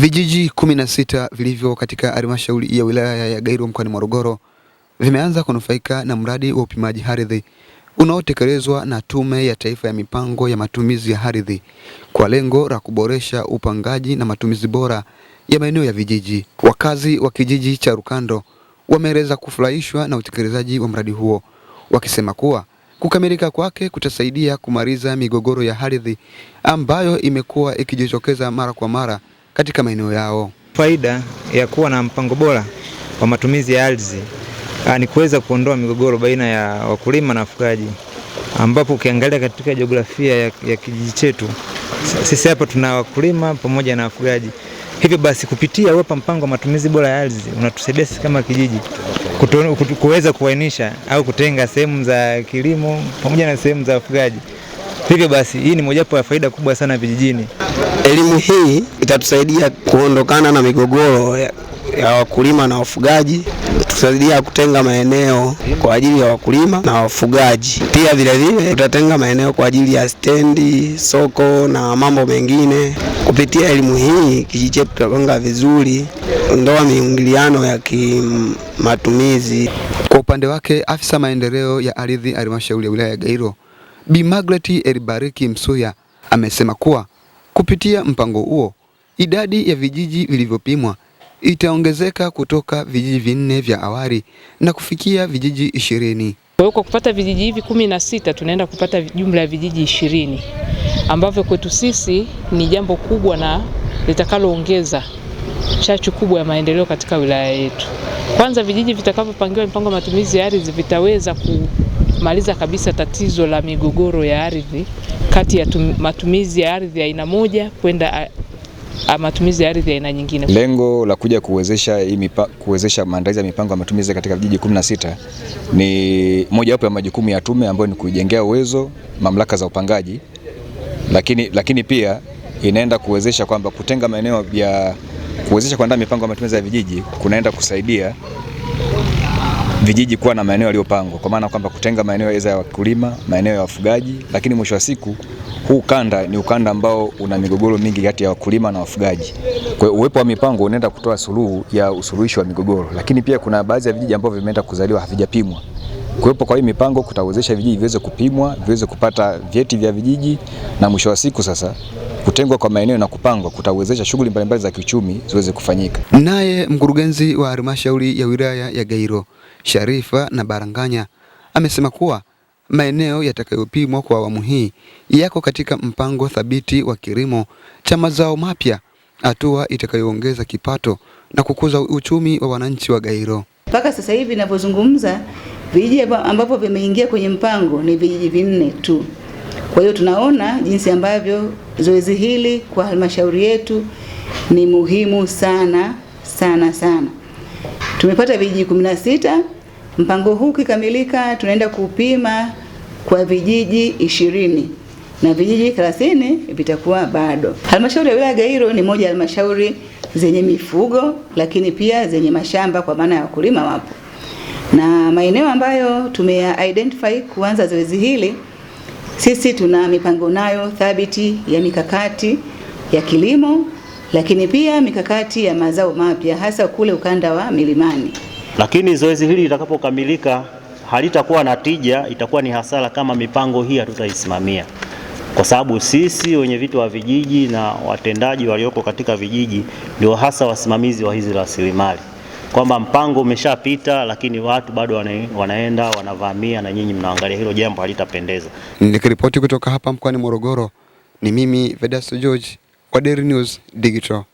Vijiji kumi na sita vilivyo katika halmashauri ya wilaya ya Gairo mkoani Morogoro vimeanza kunufaika na mradi wa upimaji ardhi unaotekelezwa na Tume ya Taifa ya Mipango ya Matumizi ya Ardhi kwa lengo la kuboresha upangaji na matumizi bora ya maeneo ya vijiji. Wakazi wa kijiji cha rukando wameeleza kufurahishwa na utekelezaji wa mradi huo, wakisema kuwa kukamilika kwake kutasaidia kumaliza migogoro ya ardhi ambayo imekuwa ikijitokeza mara kwa mara katika maeneo yao. Faida ya kuwa na mpango bora wa matumizi ya ardhi ah, ni kuweza kuondoa migogoro baina ya wakulima na wafugaji, ambapo ukiangalia katika jiografia ya, ya kijiji chetu sisi hapa tuna wakulima pamoja na wafugaji. Hivyo basi kupitia uwepo mpango wa matumizi bora ya ardhi unatusaidia sisi kama kijiji kuweza kuainisha au kutenga sehemu za kilimo pamoja na sehemu za wafugaji. Hivyo basi hii ni mojawapo ya faida kubwa sana vijijini elimu hii itatusaidia kuondokana na migogoro ya wakulima na wafugaji, tutasaidia kutenga maeneo kwa ajili ya wakulima na wafugaji. Pia vilevile tutatenga maeneo kwa ajili ya stendi, soko na mambo mengine. Kupitia elimu hii, kijiji chetu tutapanga vizuri, ondoa miingiliano ya kimatumizi. Kwa upande wake, afisa maendeleo ya ardhi halmashauri ya wilaya ya Gairo, Bi Margaret Elibariki Msuya amesema kuwa Kupitia mpango huo, idadi ya vijiji vilivyopimwa itaongezeka kutoka vijiji vinne vya awali na kufikia vijiji ishirini. Kwa hiyo kwa kupata vijiji hivi kumi na sita tunaenda kupata jumla ya vijiji ishirini ambavyo kwetu sisi ni jambo kubwa na litakaloongeza chachu kubwa ya maendeleo katika wilaya yetu. Kwanza, vijiji vitakavyopangiwa mipango ya matumizi ya ardhi vitaweza ku kumaliza kabisa tatizo la migogoro ya ardhi kati ya tum, matumizi ya ardhi ya aina moja kwenda matumizi ya ardhi ya aina nyingine. Lengo la kuja kuwezesha kuwezesha maandalizi ya mipango ya matumizi katika vijiji 16 ni mojawapo ya majukumu ya tume ambayo ni kuijengea uwezo mamlaka za upangaji, lakini, lakini pia inaenda kuwezesha kwamba kutenga maeneo ya kuwezesha kuandaa mipango ya matumizi ya vijiji kunaenda kusaidia vijiji kuwa na maeneo yaliyopangwa, kwa maana kwamba kutenga maeneo ya wakulima, maeneo ya wafugaji, lakini mwisho wa siku huu ukanda ni ukanda ambao una migogoro mingi kati ya wakulima na wafugaji. Kwa hiyo uwepo wa mipango unaenda kutoa suluhu ya usuluhishi wa migogoro, lakini pia kuna baadhi ya vijiji ambavyo vimeenda kuzaliwa havijapimwa. Kuwepo kwa hii mipango kutawezesha vijiji viweze kupimwa, viweze kupata vyeti vya vijiji, na mwisho wa siku sasa kutengwa kwa maeneo na kupangwa kutawezesha shughuli mbalimbali za kiuchumi ziweze kufanyika. Naye mkurugenzi wa halmashauri ya wilaya ya Gairo, Sharifa na Baranganya, amesema kuwa maeneo yatakayopimwa kwa awamu hii yako katika mpango thabiti wa kilimo cha mazao mapya, hatua itakayoongeza kipato na kukuza uchumi wa wananchi wa Gairo. Mpaka sasa hivi ninavyozungumza Vijiji ambavyo vimeingia kwenye mpango ni vijiji vinne tu. Kwa hiyo tunaona jinsi ambavyo zoezi hili kwa halmashauri yetu ni muhimu sana sana sana. Tumepata vijiji 16. Mpango huu kikamilika, tunaenda kupima kwa vijiji ishirini na vijiji 30 vitakuwa bado. Halmashauri ya wilaya Gairo ni moja ya halmashauri zenye mifugo lakini pia zenye mashamba kwa maana ya wakulima wapo na maeneo ambayo tumeya identify kuanza zoezi hili, sisi tuna mipango nayo thabiti ya mikakati ya kilimo, lakini pia mikakati ya mazao mapya hasa kule ukanda wa milimani. Lakini zoezi hili litakapokamilika halitakuwa na tija, itakuwa ni hasara kama mipango hii hatutaisimamia, kwa sababu sisi wenye vitu wa vijiji na watendaji walioko katika vijiji ndio hasa wasimamizi wa hizi rasilimali kwamba mpango umeshapita, lakini watu bado wanaenda wanavamia, na nyinyi mnaangalia, hilo jambo halitapendeza. Nikiripoti kutoka hapa mkoani Morogoro, ni mimi Vedasto George wa Daily News Digital.